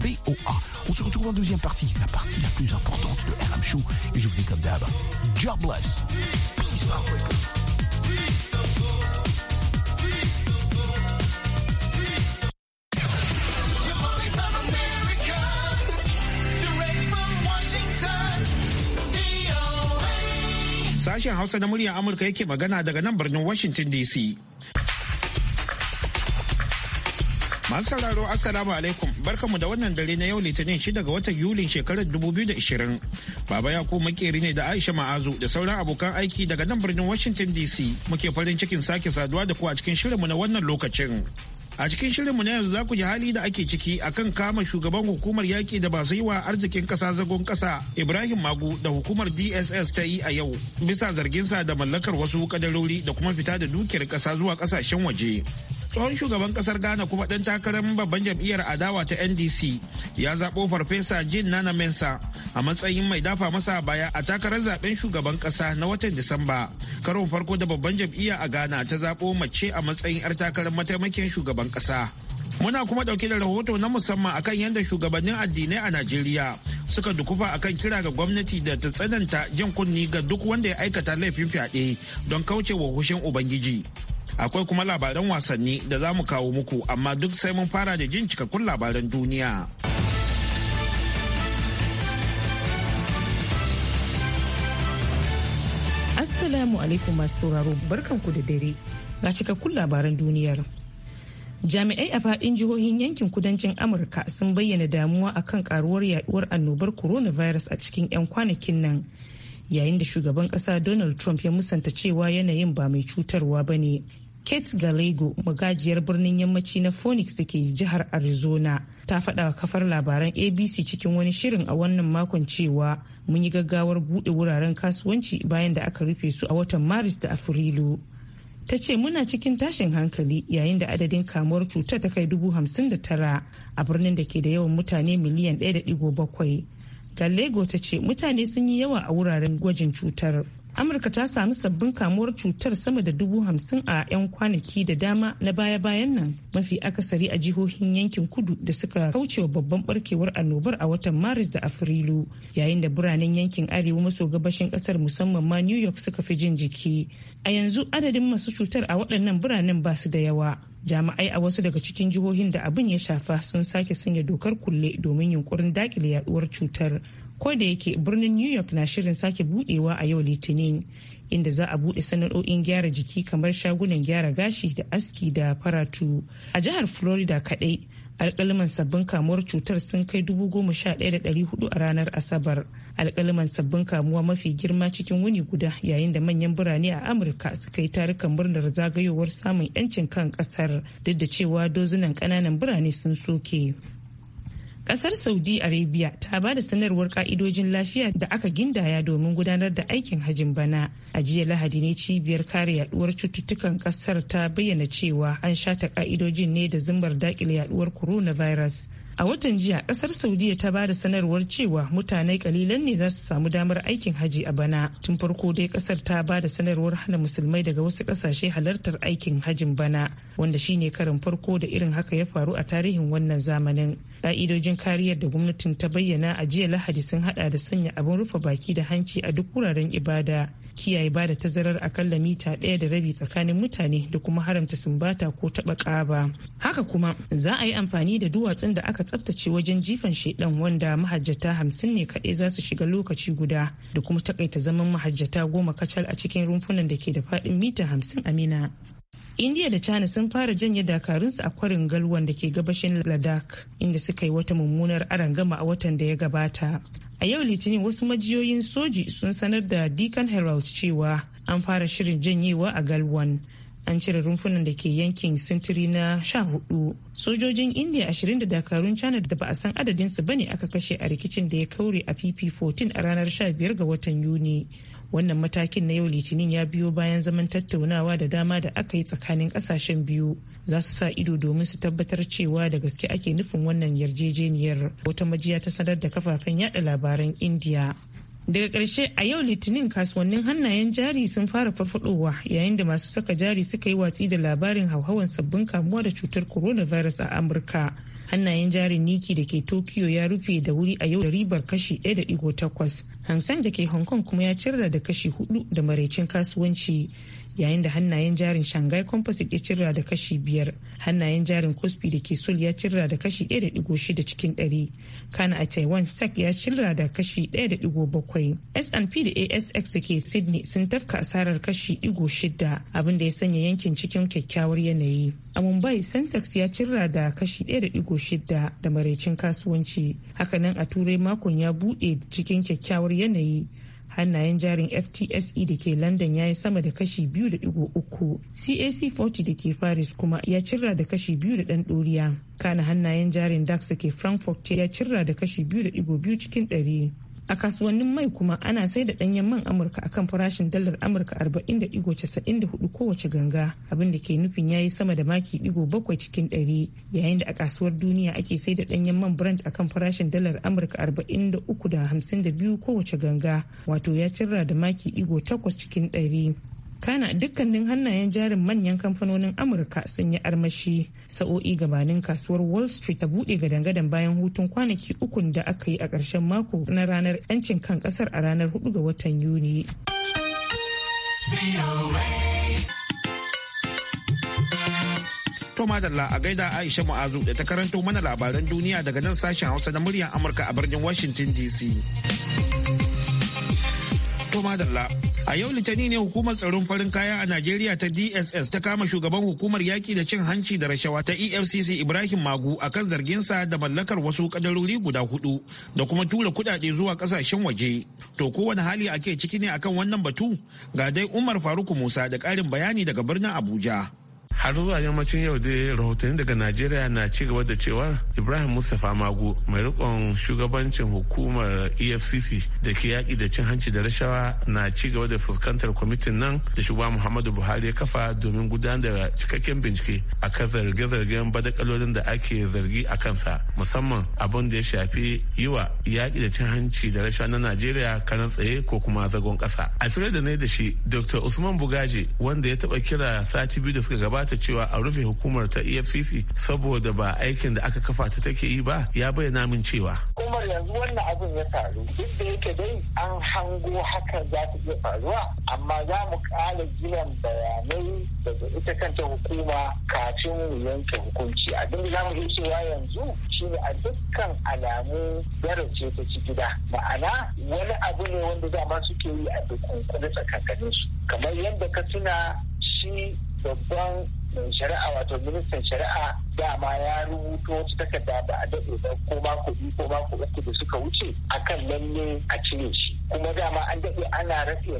BOA. On se retrouve en deuxième partie, la partie la plus importante de RM Show. Et je vous dis comme d'hab, jobless. Peace Africa. Sashen Hausa na murya Amurka yake magana daga nan birnin Washington DC. Masu sauraro Assalamu alaikum barkamu da wannan dare na yau litinin shida ga watan Yulin shekarar 2020. Baba Yaku makeri ne da Aisha Ma'azu da sauran abokan aiki daga nan birnin Washington DC muke farin cikin sake saduwa da ku a cikin shirinmu na wannan lokacin. A cikin shirinmu na yanzu za ku ji hali da ake ciki akan kama shugaban hukumar yaƙi da masu yi wa arzikin ƙasa zagon ƙasa Ibrahim Magu da hukumar DSS ta yi a yau bisa zarginsa da mallakar wasu kadarori da kuma fita da dukiyar ƙasa zuwa ƙasashen waje. tsohon shugaban kasar ghana kuma ɗan takarar babban jam'iyyar adawa ta ndc ya zaɓo farfesa jin nana mensa a matsayin mai dafa masa baya a takarar zaben shugaban ƙasa na watan disamba karon farko da babban jam'iyya a ghana ta zaɓo mace a matsayin 'yar takarar mataimakin shugaban ƙasa muna kuma ɗauke da rahoto na musamman akan yadda shugabannin addinai a najeriya suka dukufa akan kira ga gwamnati da ta tsananta jin kunni ga duk wanda ya aikata laifin fyaɗe don kauce wa hushin ubangiji Akwai kuma labaran wasanni da za mu kawo muku amma duk sai mun fara da jin cikakkun labaran duniya. Assalamu alaikum masu sauraro barkanku da dare ga cikakkun labaran duniyar. Jami'ai a fadin jihohin yankin kudancin Amurka sun bayyana damuwa a kan karuwar yaduwar annobar coronavirus a cikin 'yan kwanakin nan yayin da shugaban kasa Donald Trump ya musanta cewa yanayin ba mai cutarwa ba ne. kate galego magajiyar birnin yammaci na phoenix da ke jihar arizona ta faɗa kafar labaran abc cikin wani shirin a wannan makon cewa mun yi gaggawar buɗe wuraren kasuwanci bayan da aka rufe su a watan maris da afrilu ta ce muna cikin tashin hankali yayin da adadin kamuwar cutar ta kai dubu hamsin da tara a birnin da ke da yawan mutane miliyan ɗaya da ɗigo ga gallego ta ce mutane sun yi yawa a wuraren gwajin cutar amurka ta samu sabbin kamuwar cutar sama da dubu hamsin a 'yan kwanaki da dama na baya-bayan nan mafi akasari a jihohin yankin kudu da suka kaucewa babban barkewar annobar a watan maris da afrilu yayin da biranen yankin arewa maso gabashin kasar musamman ma new york suka fi jin jiki a yanzu adadin masu cutar a waɗannan biranen ba su da yawa jami'ai a wasu daga cikin jihohin da abin ya shafa sun sake sanya dokar kulle domin yunkurin dakile yaduwar cutar ko da yake birnin new york na shirin sake budewa a yau litinin inda za a bude sana'o'in gyara jiki kamar shagunan gyara gashi da aski da faratu a jihar florida kadai alkaliman sabbin kamuwar cutar sun kai dubu goma sha ɗaya da ɗari hudu a ranar asabar alkaliman sabbin kamuwa mafi girma cikin wuni guda yayin da manyan birane a amurka suka yi tarukan murnar zagayowar samun yancin kan kasar duk da cewa dozinan kananan birane sun soke Kasar Saudi Arabia ta ba da sanarwar ka'idojin lafiya da aka gindaya domin gudanar da aikin hajin bana. A jiya Lahadi ne cibiyar kare yaduwar cututtukan kasar ta bayyana cewa an shata ka'idojin ne da zumbar dakile yaduwar coronavirus. a watan jiya ƙasar saudiya ta ba da sanarwar cewa mutane kalilan ne za su samu damar aikin haji a bana tun farko dai ƙasar ta ba da sanarwar hana musulmai daga wasu ƙasashe halartar aikin hajin bana wanda shine karin farko da irin haka ya faru a tarihin wannan zamanin ka'idojin kariyar da gwamnatin ta bayyana a jiya lahadi sun haɗa da sanya abin rufe baki da hanci a duk wuraren ibada kiyaye ba da tazarar akalla mita ɗaya da rabi tsakanin mutane da kuma haramta sumbata ko taɓa ƙaba haka kuma za a yi amfani da duwatsun da aka tsabtace wajen jifan shaidan wanda mahajjata hamsin ne kaɗai za su shiga lokaci guda da kuma takaita zaman mahajjata goma kacal a cikin rumfunan da ke da faɗin mita hamsin a mina. indiya da china sun fara janye dakarunsu a kwarin galwan da ke gabashin ladakh inda suka yi wata mummunar gama a watan da ya gabata a yau litinin wasu majiyoyin soji sun sanar da deacon herald cewa an fara shirin janyewa a galwan an cire rumfunan da ke yankin sintiri na sha hudu sojojin india ashirin da dakarun china da ba a san adadinsu ne aka kashe a rikicin da ya kaure a pp14 a ranar sha biyar ga watan yuni wannan matakin na yau litinin ya biyo bayan zaman tattaunawa da dama da aka yi tsakanin kasashen biyu za su sa ido domin su tabbatar cewa da gaske ake nufin wannan yarjejeniyar wata majiya ta sanar da kafafen yada labaran india daga ƙarshe a yau litinin kasuwannin hannayen jari sun fara farfadowa yayin da masu saka jari suka yi watsi da labarin hauhawan sabbin kamuwa da cutar coronavirus a amurka hannayen jari niki da ke tokyo ya rufe da wuri a yau da ribar kashi 1.8 hansan da ke hong kong kuma ya cirra da kashi 4 da maraicin kasuwanci yayin da hannayen jarin shanghai composite ya cirra da kashi biyar hannayen jarin kospi da ke sul ya cirra da kashi ɗaya 1.6 cikin ɗari kana a taiwan sec ya cirra da kashi ɗaya da bakwai. S&P da ASX da ke Sydney sun tafka asarar kashi ɗigo shida abin da ya sanya yankin cikin kyakkyawar yanayi. A Mumbai, Sensex ya cirra da kashi 1.6 da maraicin kasuwanci. Hakanan a Turai makon ya buɗe cikin kyakkyawar yanayi hannayen jarin ftse da ke london ya yi sama da kashi 2.3 cac 40 da ke paris kuma ya cirra da kashi 2 da ɗan ɗoriya kana hannayen jarin dax da ke frankfurt ya cirra da kashi 2.2 cikin ɗari. a kasuwannin mai kuma ana sai da danyen man amurka akan farashin dalar amurka 40.94 kowace ganga abin da ke nufin yayi sama da maki digo bakwai cikin ɗari yayin da a kasuwar duniya ake sai da danyen man brent akan farashin dalar amurka 43.52 kowace ganga wato ya cirra da maki digo takwas cikin ɗari kana dukkanin hannayen jarin manyan kamfanonin amurka sun yi armashi sa'o'i gabanin kasuwar wall street ta bude gadangadan bayan hutun kwanaki ukun da aka yi a ƙarshen mako na ranar 'yancin kan ƙasar a ranar 4 ga watan yuni To madalla a gaida Aisha Mu'azu da ta karanto mana labaran duniya daga nan sashen Hausa na muryar Amurka a birnin Washington DC. To madalla A yau litani ne hukumar tsaron farin kaya a Najeriya ta DSS ta kama shugaban hukumar yaki da cin hanci da rashawa ta EFCC Ibrahim Magu a akan zarginsa da mallakar wasu kadarori guda hudu da kuma tura kudade zuwa kasashen waje. To kowane hali ake ciki ne akan wannan batu? Ga dai Umar Faruku Musa da ƙarin bayani daga birnin Abuja. har zuwa yammacin yau dai rahotanni daga najeriya na ci gaba da cewar ibrahim mustapha Magu mai rikon shugabancin hukumar efcc da ke yaƙi da cin hanci da rashawa na ci gaba da fuskantar kwamitin nan da shugaba muhammadu buhari ya kafa domin gudanar da cikakken bincike a kan zarge-zargen badakalolin da ake zargi a kansa musamman abin da ya shafi yi wa yaƙi da cin hanci da rashawa na najeriya karan tsaye ko kuma zagon ƙasa a fira da ne da shi dr usman bugaji wanda ya taɓa kira sati biyu da suka gabata bata cewa a rufe hukumar ta efcc saboda ba aikin da aka kafa ta take yi ba ya bayyana min cewa umar yanzu wannan abin ya faru duk da yake dai an hango hakan za ta iya faruwa amma za mu kara jiran bayanai daga ita kanta hukuma kafin mu yanke hukunci abin da za mu iya cewa yanzu shine a dukkan alamu darace ta ci gida ma'ana wani abu ne wanda za dama suke yi a dukkan tsakankanin su kamar yadda ka tuna shi babban eh, shari'a wato ministan shari'a dama ya rubuto wata takarda ba a daɗe ba ko mako biyu ko mako uku da suka wuce akan lalle a cire shi kuma dama an daɗe ana rafe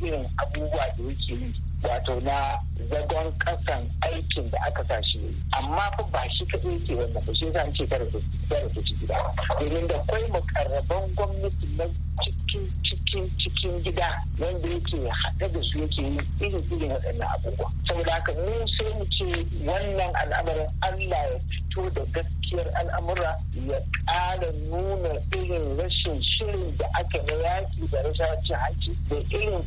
irin abubuwa da yake yi wato na zagon kasan aikin da aka sa shi amma fa ba shi kaɗai ke wannan ba shi yasa ce kare su ci gida domin da kwai makarraban gwamnati na cikin cikin cikin gida wanda yake haɗe da su yake yi irin irin waɗannan abubuwa saboda haka mu sai mu ce wannan al'amarin Allah ya fito da gaskiyar al'amura ya ƙara nuna irin rashin shirin da aka na yaƙi da rashin cin hanci da irin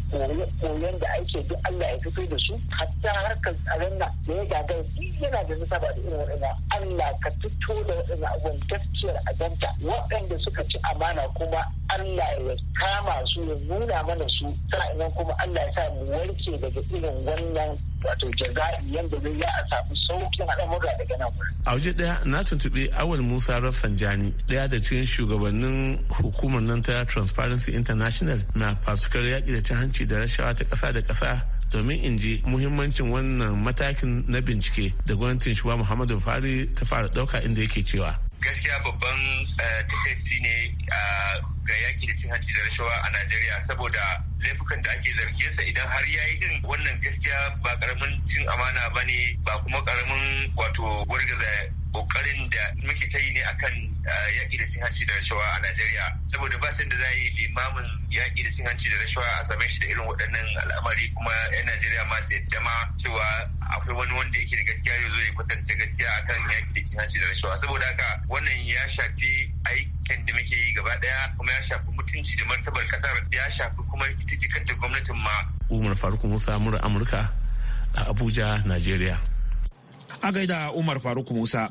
koyon da ake duk Allah ya fito da su hatta harkar tsaron na, da ya gagar yana da nasaba da irin waɗannan Allah ka fito da waɗannan abubuwan gaskiyar azanta waɗanda suka ci amana kuma Allah ya kama su ya nuna mana su sa'annan kuma Allah ya sa mu warke daga irin wannan wato jaza'i yadda zai ya a samu sauƙin al'amura daga nan wurin. A waje ɗaya na tuntuɓi Awal Musa Rafsanjani ɗaya da cikin shugabannin hukumar nan ta Transparency International na fafutukar yaƙi da cin hanci da rashawa ta ƙasa da ƙasa domin in ji muhimmancin wannan matakin na bincike da gwamnatin shugaba Muhammadu Buhari ta fara ɗauka inda yake cewa. Gaskiya babban eh, takaici ne ah, ga yaki da cin hanci da rashawa a Najeriya saboda laifukan da ake zargin sa idan har yayi din wannan gaskiya ba karamin cin amana bane ba kuma karamin wato wargaza kokarin da muke ta yi ne akan eh, yaƙi da cin hanci da rashawa a Najeriya saboda batun da za yi limamin yaƙi da cin hanci da rashawa a same shi da irin waɗannan al'amari kuma 'yan Najeriya ma sai cewa akwai wani wanda yake da gaskiya ya ya kwatanta gaskiya akan yaƙi da cin hanci da rashawa saboda haka wannan ya shafi aiki kan da muke yi gaba daya kuma ya shafi mutunci da martabar kasar ya shafi kuma ita kanta gwamnatin ma umar faruk musa mura amurka a abuja nigeria a Umar Faruk Musa.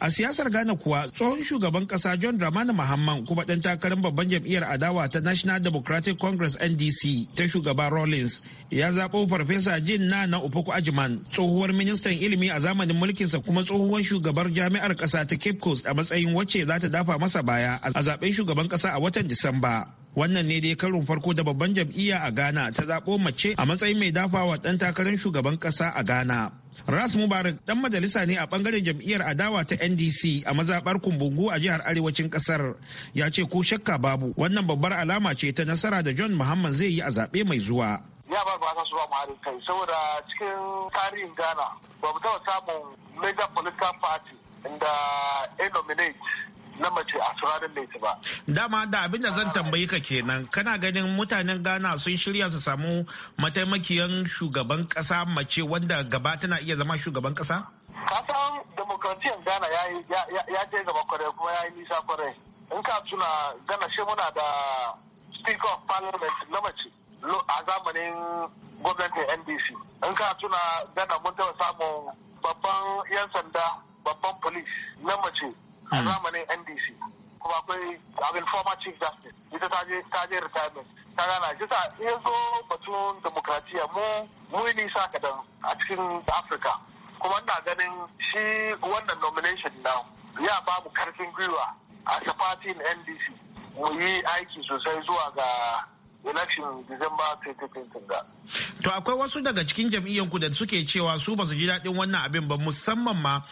A siyasar Ghana kuwa tsohon shugaban kasa John Dramani Mahamman kuma ɗan takarar babban jam'iyyar adawa ta National Democratic Congress NDC ta shugaba Rawlings ya zaɓo Farfesa Jin na na Upoku Ajiman tsohuwar ministan ilimi a zamanin mulkinsa kuma tsohuwar shugabar jami'ar ƙasa ta Cape Coast a matsayin wacce za ta dafa masa baya a zaɓen shugaban ƙasa a watan Disamba. wannan ne dai karin farko da babban jam'iyya a ghana ta zaɓo mace a matsayin mai dafawa ɗan takarar shugaban ƙasa a ghana ras mubarak ɗan majalisa ne a ɓangaren jam'iyyar adawa ta ndc a mazaɓar kumbungu a jihar arewacin ƙasar ya ce ko shakka babu wannan babbar alama ce ta nasara da john muhammad zai yi a zaɓe mai zuwa ya ba ba su ba mu kai saboda cikin tarihin ghana ba mu taɓa samun major political party inda a nominate na mace a ranar laiti ba. Dama da abin da zan tambayi ka kenan kana ganin mutanen Ghana sun shirya su samu mataimakiyan shugaban kasa mace wanda gaba tana iya zama shugaban kasa? Kasan demokratiyan Ghana ya je gaba kwarai kuma ya yi nisa kwarai. In ka tuna Ghana shi muna da Speaker of Parliament na mace a zamanin gwamnatin NDC. In ka tuna Ghana mun taɓa samun babban 'yan sanda babban police na mace a hmm. zamanin ndc kuma akwai abin former chief justice ita ta je ta je retirement ta gana shi sa zo batun demokratiya mu mu nisa kadan a cikin africa kuma ina ganin shi wannan nomination na ya ba mu karfin gwiwa a safatin ndc mu yi aiki sosai zuwa ga election December 2020 da. To akwai wasu daga cikin ku da suke cewa su ba su ji daɗin wannan abin ba musamman ma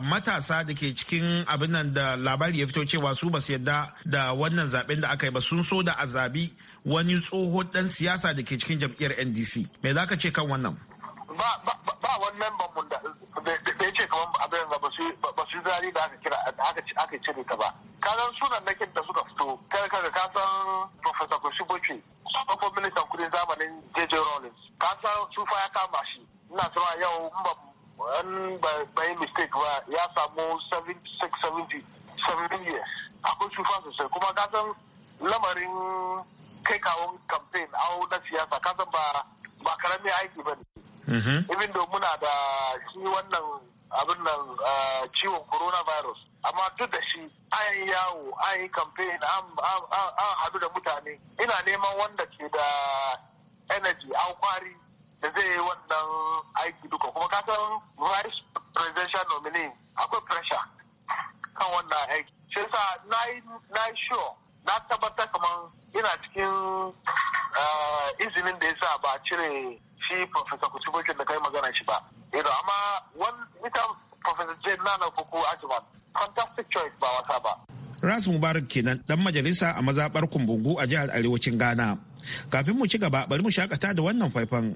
matasa da ke cikin abin nan da labari ya fito cewa su ba su yarda da wannan zaben da aka yi ba sun so da a zabi wani tsohon ɗan siyasa da ke cikin jam'iyyar NDC. Me za ka ce kan wannan? ba wani memban mun da ya ce kamar abin da ba su su zari da aka kira aka cire ta ba kasan sunan na da suka fito kar kaga san professor kusubuchi ko ministan kudin zamanin jj san su fa ya kama shi ina cewa yau in ba yi mistake ba ya samu 76 70 years akwai sufa sosai kuma san lamarin kai kawon campaign au na siyasa san ba ba karamin aiki ba ne Mm-hmm. Even though muna da shi wannan abin nan uh, ciwon coronavirus amma duk da shi an yi yawo an yi campaign an haɗu da mutane ina neman wanda ke da energy an kwari da zai yi wannan aiki duka kuma ka san vice presidential nominee akwai pressure kan wannan aiki shi sa na yi sure na tabbatar kamar ina cikin uh, izinin da ya sa ba cire shi Professor Kutubokin da kai magana shi ba. Ido amma wani ita Professor Jane Nana Kuku Ajiman fantastic choice ba wasa ba. Ras Mubarak kenan dan majalisa a mazaɓar Kumbungu a jihar Arewacin Ghana. Kafin mu ci gaba bari mu shakata da wannan faifan.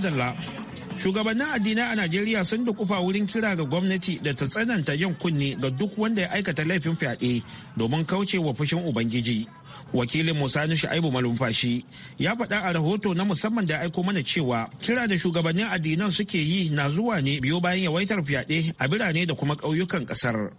dalla. Shugabannin addinai a Najeriya sun da kufa wurin kira ga gwamnati da ta tsananta yin kunne ga duk wanda ya aikata laifin fyaɗe domin kauce wa fushin Ubangiji. Wakilin Musa nushi Shu'aibu Malumfashi ya faɗa a rahoto na musamman da aiko mana cewa kira da shugabannin addinan suke yi na zuwa ne biyo bayan yawaitar fyaɗe a birane da kuma ƙauyukan ƙasar.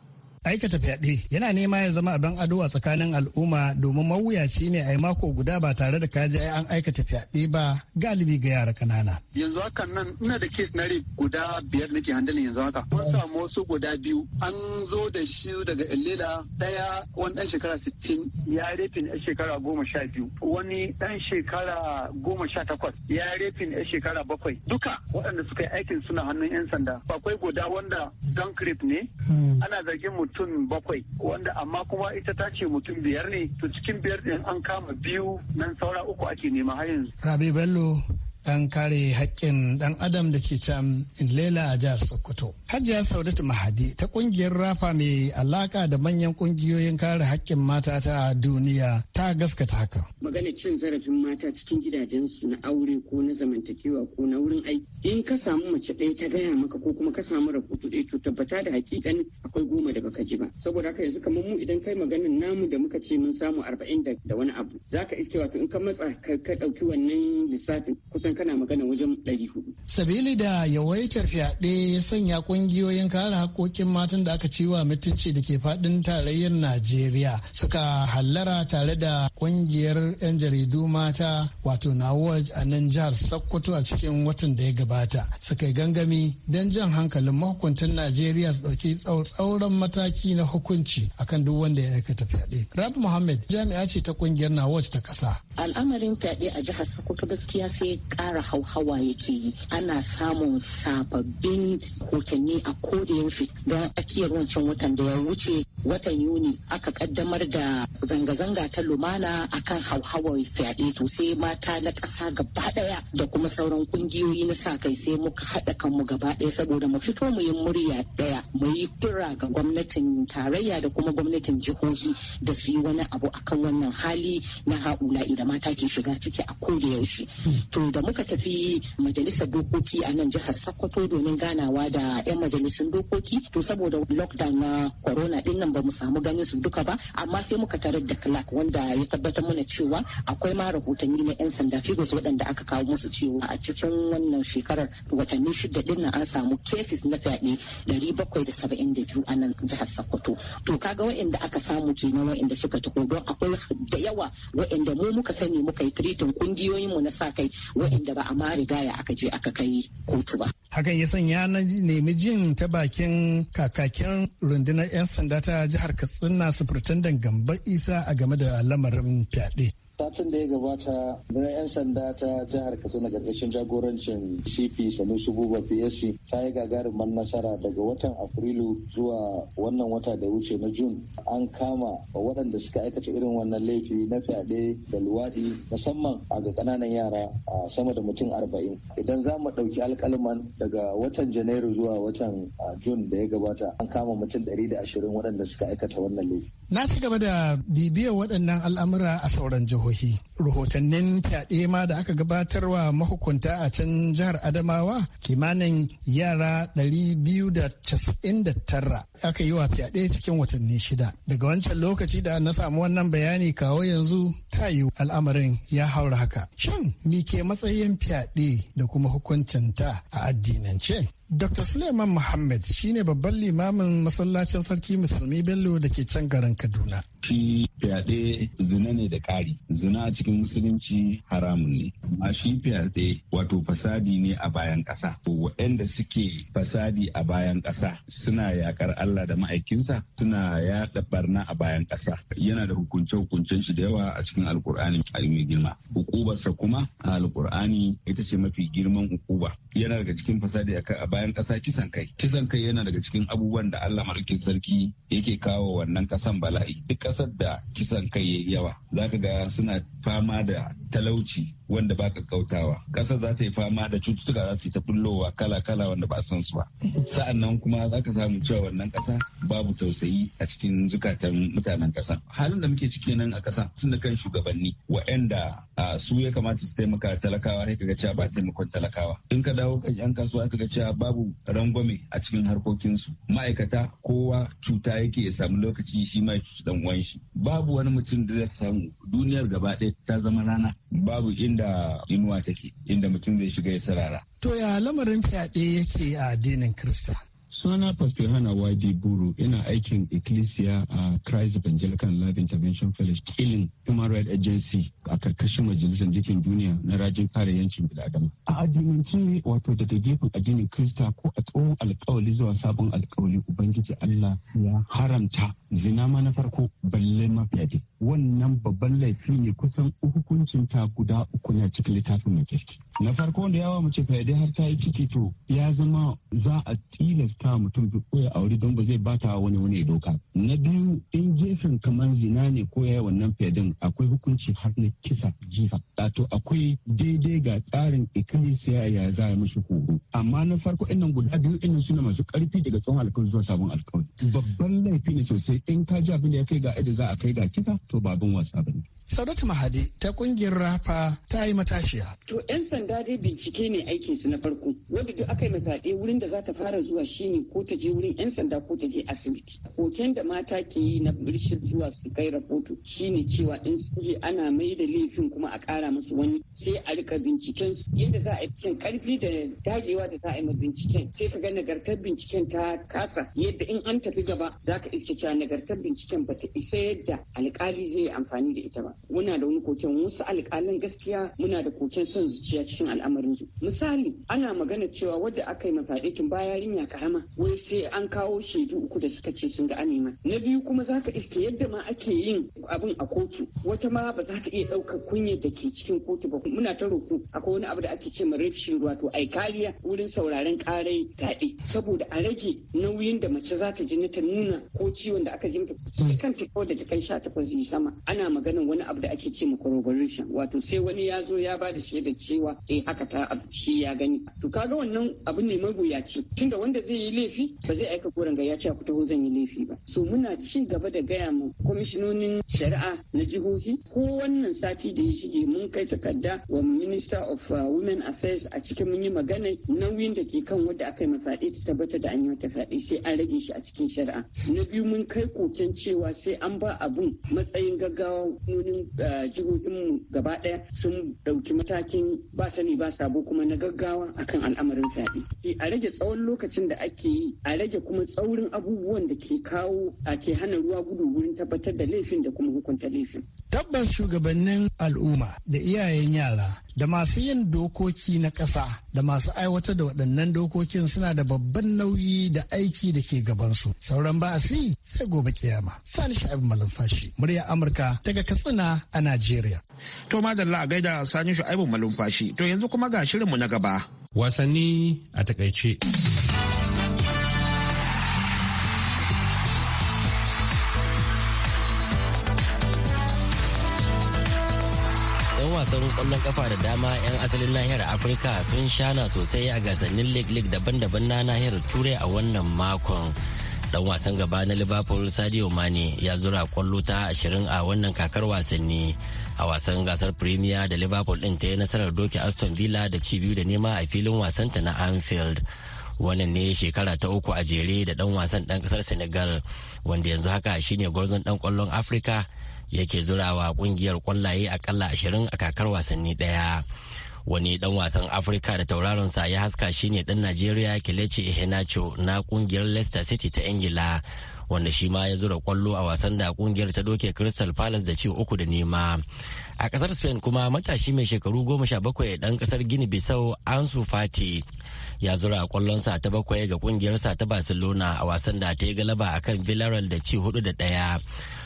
aikata fyaɗe yana nema ya zama abin ado a tsakanin al'umma domin mawuyaci ne a yi mako guda ba tare da kaji ai an aikata fyaɗe ba galibi ga yara kanana. yanzu haka nan ina da kes na rape guda biyar nake handalin yanzu haka mun samu wasu guda biyu an zo da shi daga ilila ɗaya wani ɗan shekara sittin ya rafin ɗan shekara goma sha biyu wani ɗan shekara goma sha takwas ya rafin ɗan shekara bakwai duka waɗanda suka yi aikin suna hannun 'yan sanda akwai guda wanda don ne hmm. ana zargin mutum mutum bakwai wanda amma kuma ita ta ce mutum biyar ne to cikin biyar din an kama biyu nan saura uku ake nema har yanzu. Rabi Bello dan kare haƙƙin dan adam da ke can in lela a jihar sokoto hajiya saudatu mahadi ta ƙungiyar rafa mai alaka da manyan ƙungiyoyin kare haƙƙin mata ta duniya ta gaskata haka magana cin zarafin mata cikin gidajen su na aure ko na zamantakewa ko na wurin aiki in ka samu mace ɗaya ta gaya maka ko kuma ka samu rahoto ɗaya to tabbata da hakikan akwai goma da baka ji ba saboda haka yanzu kamar mu idan kai maganin namu da muka ce mun samu arba'in da wani abu zaka iske wato in ka matsa ka ɗauki wannan lissafin kusan nan kana magana wajen ɗari hudu. Sabili da yawaitar fyaɗe ya sanya ƙungiyoyin kare haƙoƙin matan da aka ciwa mutunci da ke faɗin tarayyar Najeriya suka hallara tare da ƙungiyar 'yan jaridu mata wato Nawaj a nan jihar Sokoto a cikin watan da ya gabata. Suka yi gangami don jan hankalin mahukuntan Najeriya su ɗauki tsauran mataki na hukunci akan duk wanda ya aikata fyaɗe. Rabi Muhammad jami'a ce ta ƙungiyar Nawaj ta ƙasa. Al'amarin fyaɗe a jihar Sokoto gaskiya sai kara hauhawa yake yi ana samun sababbin hotanni a koda yaushe don tsakiyar wancan watan da ya wuce watan yuni aka kaddamar da zanga-zanga ta lumana akan hauhawar fyaɗe to sai mata na ƙasa gaba ɗaya da kuma sauran ƙungiyoyi na sa kai sai muka haɗa kanmu gaba ɗaya saboda mu fito mu yi murya ɗaya mu yi kira ga gwamnatin tarayya da kuma gwamnatin jihohi da su yi wani abu akan wannan hali na haula. Idan mata ke shiga ciki a da yaushe to da muka tafi majalisar dokoki a nan jihar sokoto domin ganawa da 'yan majalisun dokoki to saboda lockdown na corona ɗin nan ba mu samu ganin su duka ba amma sai muka tarar da clark wanda ya tabbatar mana cewa akwai ma rahotanni na yan sanda figures waɗanda aka kawo musu cewa a cikin wannan shekarar watanni shida din nan an samu cases na fyaɗe ɗari bakwai da saba'in da biyu a nan jihar sokoto to kaga waɗanda aka samu kenan waɗanda suka taho don akwai da yawa waɗanda mu muka sani muka yi treating kungiyoyinmu na sa kai waɗanda ba a ma rigaya aka je aka kai kotu ba. hakan ya sanya na nemi jin ta bakin kakakin rundunar 'yan sanda ta jihar katsina su sufurtandan gamba isa a game da lamarin fyaɗe satin da ya gabata birnin 'yan sanda ta jihar katsina karkashin jagorancin cp sanusu buba psc ta yi gagarumin nasara daga watan afrilu zuwa wannan wata da wuce na jun an kama waɗanda suka aikata irin wannan laifi na fyaɗe da luwaɗi musamman a ga ƙananan yara a sama da mutum arba'in idan za mu ɗauki alƙalman daga watan janairu zuwa watan jun da ya gabata an kama mutum ɗari da ashirin waɗanda suka aikata wannan laifi Na ci gaba da bibiyar waɗannan al'amura a sauran jihohi. Rahotannin fyaɗe ma da aka gabatarwa mahukunta a can jihar Adamawa kimanin yara 299 aka yi wa fyaɗe cikin watanni shida. Daga wancan lokaci da na samu wannan bayani kawo yanzu ta yi al'amarin ya haura haka. Shin me ke matsayin fyaɗe da kuma hukuncinta a addinance? Dr. Suleiman Muhammad shine babban limamin masallacin sarki musulmi Bello da ke can garin Kaduna. shi fyaɗe zina ne da ƙari zina a cikin musulunci haramun ne amma shi fyaɗe wato fasadi ne a bayan ƙasa to waɗanda suke fasadi a bayan ƙasa suna yaƙar Allah da ma'aikinsa suna yaɗa barna a bayan ƙasa yana da hukunce hukuncen shi da yawa a cikin alkur'ani mai girma hukubarsa kuma a Alƙur'ani, ita ce mafi girman hukuba yana daga cikin fasadi a bayan ƙasa kisan kai kisan kai yana daga cikin abubuwan da Allah maɗaukin sarki yake kawo wannan ƙasan bala'i duk kasar da kisan kai yayi yawa zaka ga suna fama da talauci wanda ba kautawa kasar za ta yi fama da cututtuka za su yi ta bullowa kala-kala wanda ba san su ba sa'an nan kuma za ka samu cewa wannan kasa babu tausayi a cikin zukatan mutanen kasa halin da muke ciki nan a kasa tun da kan shugabanni waɗanda su ya kamata su taimaka talakawa sai kaga cewa ba taimakon talakawa in ka dawo kan yan kasuwa kaga cewa babu rangwame a cikin harkokin su ma'aikata kowa cuta yake ya samu lokaci shi ma ya dan uwan shi babu wani mutum da zai samu duniyar gaba ɗaya ta zama rana babu inda inda inuwa take inda mutum zai shiga ya sarara. To ya lamarin fyaɗe yake a addinin Kirista? Sunana Pastor Yohana Wadi Buru yana aikin Ecclesia a Christ Evangelical Life Intervention Fellowship Killing Human Rights Agency a karkashin Majalisar Jikin Duniya na rajin kare yancin bil'adama. A addinance wato daga gefen addinin Krista ko a tsohon alkawali zuwa sabon alkawali Ubangiji Allah ya haramta zina ma na farko balle mafiyade. Wannan babban laifi ne kusan hukuncin ta guda uku na cikin littafin mai tsarki. Na farko da yawa mace fyaɗe har ta yi ciki to ya zama za a tilasta wa mutum ko ya auri don ba zai bata wani wani doka na biyu in gefen kamar zina ne ko ya wannan fedin akwai hukunci har na kisa jifa Tato akwai daidai ga tsarin ikkilisiya ya za a mishi horo amma na farko innan guda biyu innan suna masu karfi daga tsohon alkawari zuwa sabon alkawari babban laifi ne sosai in ka ji abin da ya kai ga yadda za a kai ga kisa to babin wasa ba ne Saudatu Mahadi ta kungiyar Rafa ta yi matashiya. To 'yan sanda dai bincike ne aikin su na farko. Wanda duk aka yi mazaɓe wurin da za ta fara zuwa shine ko ta je wurin 'yan sanda ko ta je asibiti. Hoton da mata ke yi na rishin zuwa su kai rahoto shi ne cewa in su je ana mai da laifin kuma a ƙara musu wani sai a rika binciken su yadda za a yi ƙarfi da dagewa da za a yi ma binciken. Sai ka ga nagartar binciken ta kasa yadda in an tafi gaba za ka iske cewa nagartar binciken ba ta isa yadda alƙali zai yi amfani da ita ba. muna da wani koken wasu alƙalin gaskiya muna da koken son zuciya cikin al'amarin su misali ana magana cewa wadda aka yi mafaɗe tun baya yarinya karama wai sai an kawo shaidu uku da suka ce sun ga anima na biyu kuma zaka iske yadda ma ake yin abin a kotu wata ma ba za ta iya ɗaukar kunya da ke cikin kotu ba muna ta roƙo akwai wani abu da ake ce ma ruwa. To ai kariya wurin sauraren ƙarai fyaɗe saboda a rage nauyin da mace za ta ji na ta nuna ko ciwon da aka ji mata kanta kawai da ta kai sha takwas sama ana maganan wani wani abu da ake ce ma corroboration wato sai wani ya zo ya ba da shaida cewa eh haka ta abu shi ya gani to kaga wannan abu ne magoyaci tunda wanda zai yi laifi ba zai aika koren ga ya ce ku taho zan yi laifi ba so muna ci gaba da gaya mu kwamishinonin shari'a na jihohi ko wannan sati da ya shige mun kai takarda wa minister of uh, women affairs a cikin mun yi magana nauyin da ke kan wanda aka yi mafaɗe ta tabbatar da an yi mata fyaɗe sai an rage shi a cikin shari'a na biyu mun kai koken cewa sai an ba abun matsayin gaggawa cikin eh, mu gaba ɗaya sun ɗauki matakin ba sani ba sabo kuma na gaggawa akan al'amarin fyaɗe. Eh, a rage tsawon lokacin da ake yi, a rage kuma tsaurin abubuwan da ke kawo a ke hana ruwa gudu wurin tabbatar da laifin da kuma hukunta laifin. Tabbas shugabannin al'umma da iyayen yara da masu yin dokoki na ƙasa da masu aiwatar da waɗannan dokokin suna da babban nauyi da aiki da ke gabansu sauran si sai gobe kiyama sani sha'ib malumfashi murya amurka daga katsina a najeriya to madalla a gaida sani sha'ib malumfashi to yanzu kuma ga shirinmu na gaba wasanni a takaice wasan kwallon kafa da dama 'yan asalin nahiyar afirka sun shana sosai a gasannin league-league daban-daban na nahiyar turai a wannan makon dan wasan gaba na liverpool sadio mane ya zura kwallo ta ashirin a wannan kakar wasanni a wasan gasar premier da liverpool din ta yi nasarar doki aston villa da ci biyu da nema a filin wasanta na anfield wannan ne shekara ta uku a jere da dan wasan dan kasar senegal wanda yanzu haka shine gwarzon dan kwallon afirka yake zurawa kungiyar kwallaye akalla ashirin a kakar wasanni daya wani dan wasan afirka da tauraron sa ya haska shine dan najeriya kelechi ihenacho na kungiyar leicester city ta ingila wanda shi ma ya zura kwallo a wasan da kungiyar ta doke crystal palace da ci uku da nema a kasar spain kuma matashi mai shekaru goma sha bakwai dan kasar gini bisau ansu fati ya zura kwallonsa ta bakwai ga sa ta barcelona a wasan da ta yi galaba akan villarreal da ci hudu da daya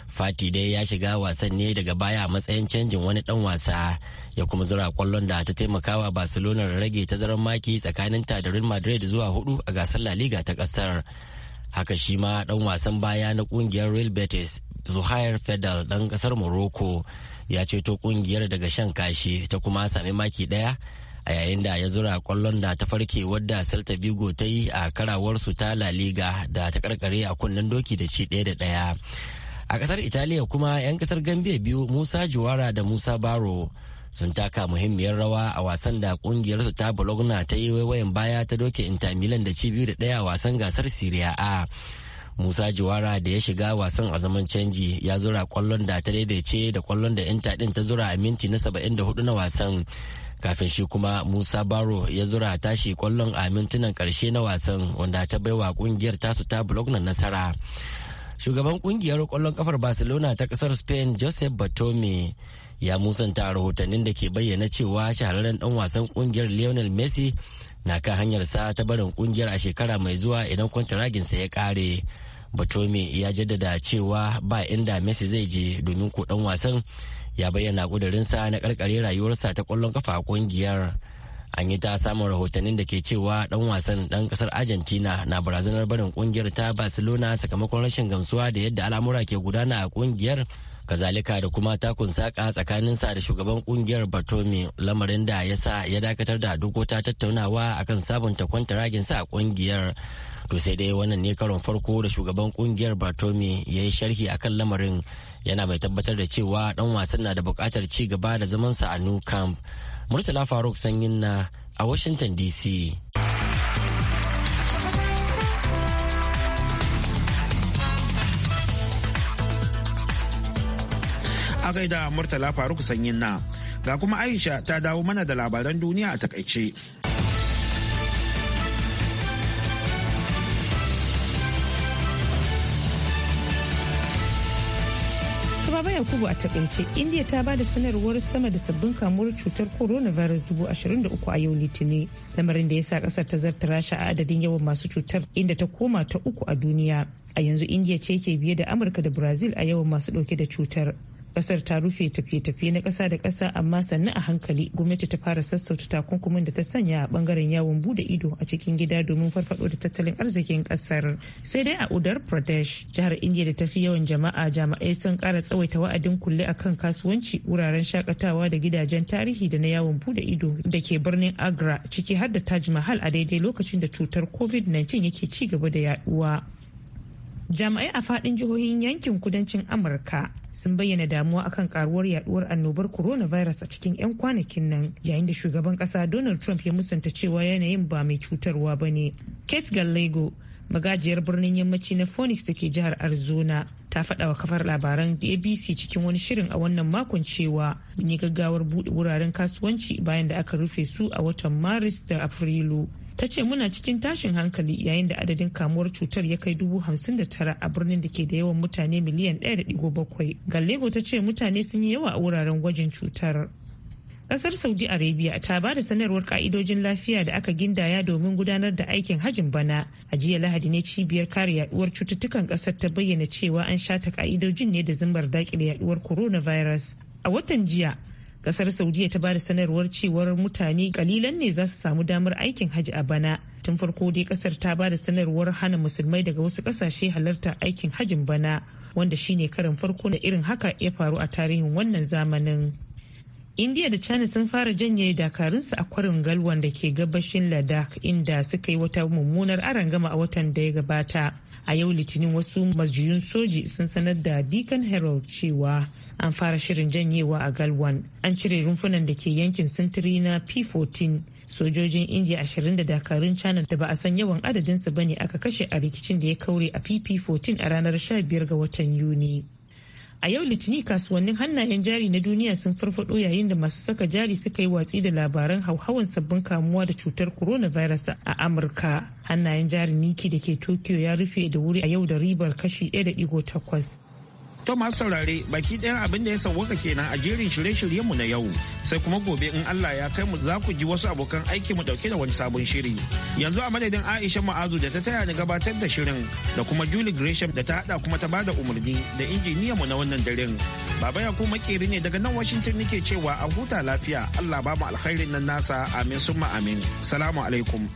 fati dai ya shiga wasan ne daga baya a matsayin canjin wani dan wasa ya kuma zura kwallon da ta taimakawa barcelona rage tazarar maki tsakanin ta da real madrid zuwa hudu a gasar la liga ta kasar haka shi ma dan wasan baya na kungiyar real betis zuhair fedal dan kasar morocco ya ceto kungiyar daga shan kashi ta kuma sami maki daya a yayin da ya zura kwallon da ta farke wadda Celta Vigo ta yi a karawarsu ta La Liga da ta karkare a kunnen doki da ci daya da daya. a kasar italiya kuma 'yan kasar gambia biyu musa juwara da musa baro sun taka muhimmiyar rawa a wasan da kungiyarsu ta bologna ta yi waiwayin baya ta doke inter milan da ci biyu da daya a wasan gasar serie a musa juwara da ya shiga wasan a zaman canji ya zura kwallon da ta daidaice da kwallon da inter din ta zura a minti na 74 na wasan kafin shi kuma musa baro ya zura tashi kwallon a mintunan karshe na wasan wanda ta baiwa kungiyar tasu ta bologna nasara shugaban kungiyar kwallon kafar barcelona ta kasar spain joseph batome ya musanta a rahotannin da ke bayyana cewa shahararren dan wasan kungiyar lionel messi na kan sa ta barin kungiyar a shekara mai zuwa idan kwantaraginsa ya kare batome ya jaddada cewa ba inda messi zai je domin ko dan wasan ya bayyana kudurinsa na karkare rayuwarsa ta kwallon kafa a kungiyar an yi ta samun rahotannin da ke cewa dan wasan dan kasar argentina na barazanar barin kungiyar ta barcelona sakamakon rashin gamsuwa da yadda al'amura ke gudana a kungiyar kazalika da kuma takun saka sa' da shugaban kungiyar bartomi lamarin da ya sa ya dakatar da duk wata tattaunawa akan sabunta sa a kungiyar to sai dai wannan ne karon farko da shugaban kungiyar bartomi ya yi sharhi akan lamarin yana mai tabbatar da cewa dan wasan na da bukatar ci gaba da zamansa a new camp Murtala Faruk Sanyin na a Washington DC. A gaida Murtala Faruk Sanyin na ga kuma Aisha ta dawo mana da labaran duniya a takaice. bayan Yakubu a takaice India ta ba da sanarwar sama da sabbin kamuwar cutar coronavirus uku a yau litinin lamarin da ya sa kasar ta zarta rasha a adadin yawan masu cutar inda ta koma ta uku a duniya. A yanzu India ce ke biye da Amurka da Brazil a yawan masu dauke da cutar. kasar ta rufe tafiye-tafiye na kasa da kasa amma sannu a hankali gwamnati ta fara sassauta takunkumin da ta sanya a bangaren yawon bude ido a cikin gida domin farfaɗo da tattalin arzikin kasar sai dai a udar pradesh jihar indiya da tafi yawan jama'a jami'ai sun kara tsawaita wa'adin kulle akan kasuwanci wuraren shakatawa da gidajen tarihi da na yawon bude ido da ke birnin agra ciki har da taj mahal a daidai lokacin da cutar covid-19 yake ci gaba da yaduwa jami'ai a fadin jihohin yankin kudancin amurka sun bayyana damuwa akan karuwar yaduwar annobar coronavirus a cikin 'yan kwanakin nan yayin da shugaban kasa donald trump ya musanta cewa yanayin ba mai cutarwa ba ne kate gallego magajiyar birnin yammaci na phoenix da ke jihar arizona ta faɗa wa kafar labaran abc cikin wani shirin a wannan makon cewa mun yi gaggawar buɗe wuraren kasuwanci bayan da aka rufe su a watan maris da afrilu ta ce muna cikin tashin hankali yayin da adadin kamuwar cutar ya kai dubu hamsin da tara a birnin da ke da yawan mutane miliyan ɗaya da ɗigo bakwai gallego ta ce mutane sun yi yawa a wuraren gwajin cutar ƙasar saudi arabia ta ba da sanarwar ka'idojin lafiya da aka gindaya domin gudanar da aikin hajin bana a jiya lahadi ne cibiyar kare yaduwar cututtukan ƙasar ta bayyana cewa an shata ka'idojin ne da zimbar dakile yaduwar coronavirus a watan jiya kasar saudiya ta ba da sanarwar cewar mutane kalilan ne za su samu damar aikin hajji a bana tun farko dai kasar ta ba da sanarwar hana musulmai daga wasu kasashe halartar aikin hajjin bana wanda shine karin farko da irin haka ya faru a tarihin wannan zamanin india da china sun fara janye dakarunsu a kwarin galwan da ke gabashin ladakh inda suka yi wata mummunar arangama a watan da ya gabata a yau litinin wasu masjiyun soji sun sanar da deacon herald cewa an fara shirin janyewa a galwan an cire rumfunan da ke yankin sintiri na p14 sojojin indiya ashirin da dakarun china da ba a san yawan adadinsu bane aka kashe a rikicin da ya kaure a pp 14 a ranar 15 ga watan yuni A yau Litinin kasuwannin hannayen jari na duniya sun farfado yayin da masu saka jari suka yi watsi da labaran hauhawan sabbin kamuwa da cutar coronavirus a Amurka. Hannayen jari Niki da ke Tokyo ya rufe da wuri a yau da ribar kashi 1.8. Thomas masu saurare baki ɗayan abin da ya sauwaka kenan a jerin shirye-shiryenmu na yau sai kuma gobe in Allah ya kai mu za ku ji wasu abokan aiki mu dauke da wani sabon shiri. Yanzu a madadin Aisha Ma'azu da ta taya ni gabatar da shirin da kuma Julie Gresham da ta hada kuma ta bada umarni da mu na wannan daren. Baba ya kuma makeri ne daga nan Washington nake cewa a huta lafiya Allah ba mu alkhairin nan nasa amin summa amin. Salamu alaikum.